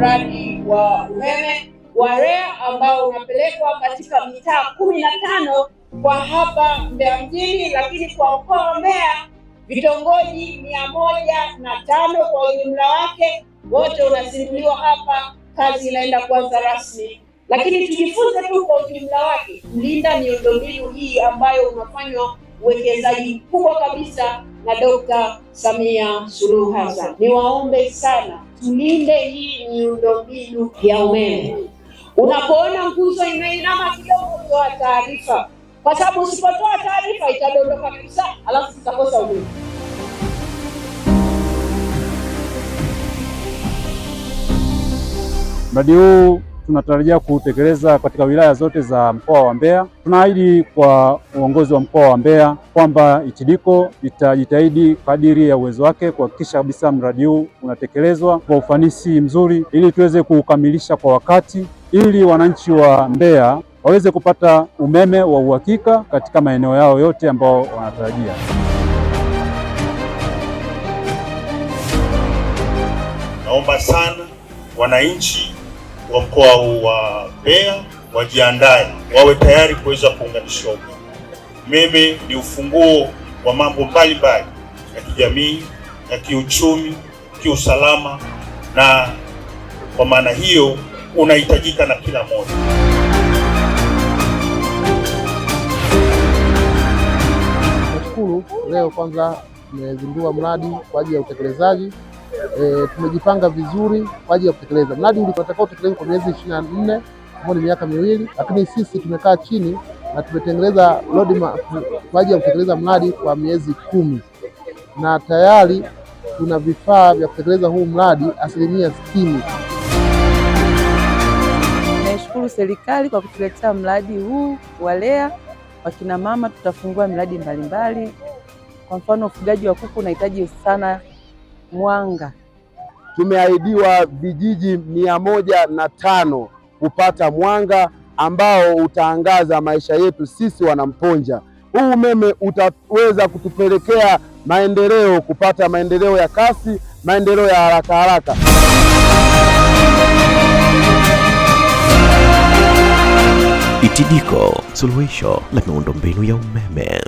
mradi wa umeme wa REA ambao unapelekwa katika mitaa kumi na tano kwa hapa Mbeya mjini, lakini kwa mkoa wa Mbeya vitongoji mia moja na tano kwa ujumla wake wote unazinduliwa hapa, kazi inaenda kuanza rasmi. Lakini tujifunze tu kwa ujumla wake, mlinda miundombinu hii ambayo unafanywa uwekezaji mkubwa kabisa na Dokta Samia Suluhu Hassan. Niwaombe sana tulinde hii miundombinu ya umeme. Unapoona nguzo imeinama kidogo, toa taarifa, kwa sababu usipotoa taarifa itadondoka kabisa, alafu tutakosa umeme. Mradi huu tunatarajia kutekeleza katika wilaya zote za mkoa wa Mbeya. Tunaahidi kwa uongozi wa mkoa wa Mbeya kwamba itidiko itajitahidi kadiri ya uwezo wake kuhakikisha kabisa mradi huu unatekelezwa kwa ufanisi mzuri, ili tuweze kuukamilisha kwa wakati, ili wananchi wa Mbeya waweze kupata umeme wa uhakika katika maeneo yao yote ambao wanatarajia. Naomba sana wananchi wa mkoa huu wa Mbeya wajiandae, wawe tayari kuweza kuunganishwa umeme. Umeme ni ufunguo wa mambo mbalimbali ya kijamii, ya kiuchumi, kiusalama, na kwa maana hiyo unahitajika na kila mmoja. Leo kwanza nimezindua mradi kwa ajili ya utekelezaji e, tumejipanga vizuri kwa ajili ya kutekeleza mradi uliotaka utekelezwa kwa miezi ishirini na nne ambao ni miaka miwili, lakini sisi tumekaa chini na tumetengeneza roadmap kwa ajili ya kutekeleza mradi kwa miezi kumi na tayari tuna vifaa vya kutekeleza huu mradi asilimia sitini. Naishukuru serikali kwa kutuletea mradi huu wa LEA. kina mama tutafungua miradi mbalimbali, kwa mfano ufugaji wa kuku unahitaji sana mwanga tumeahidiwa vijiji mia moja na tano kupata mwanga ambao utaangaza maisha yetu sisi Wanamponja. Huu umeme utaweza kutupelekea maendeleo, kupata maendeleo ya kasi, maendeleo ya haraka haraka. ITIDIKO, suluhisho la miundombinu ya umeme.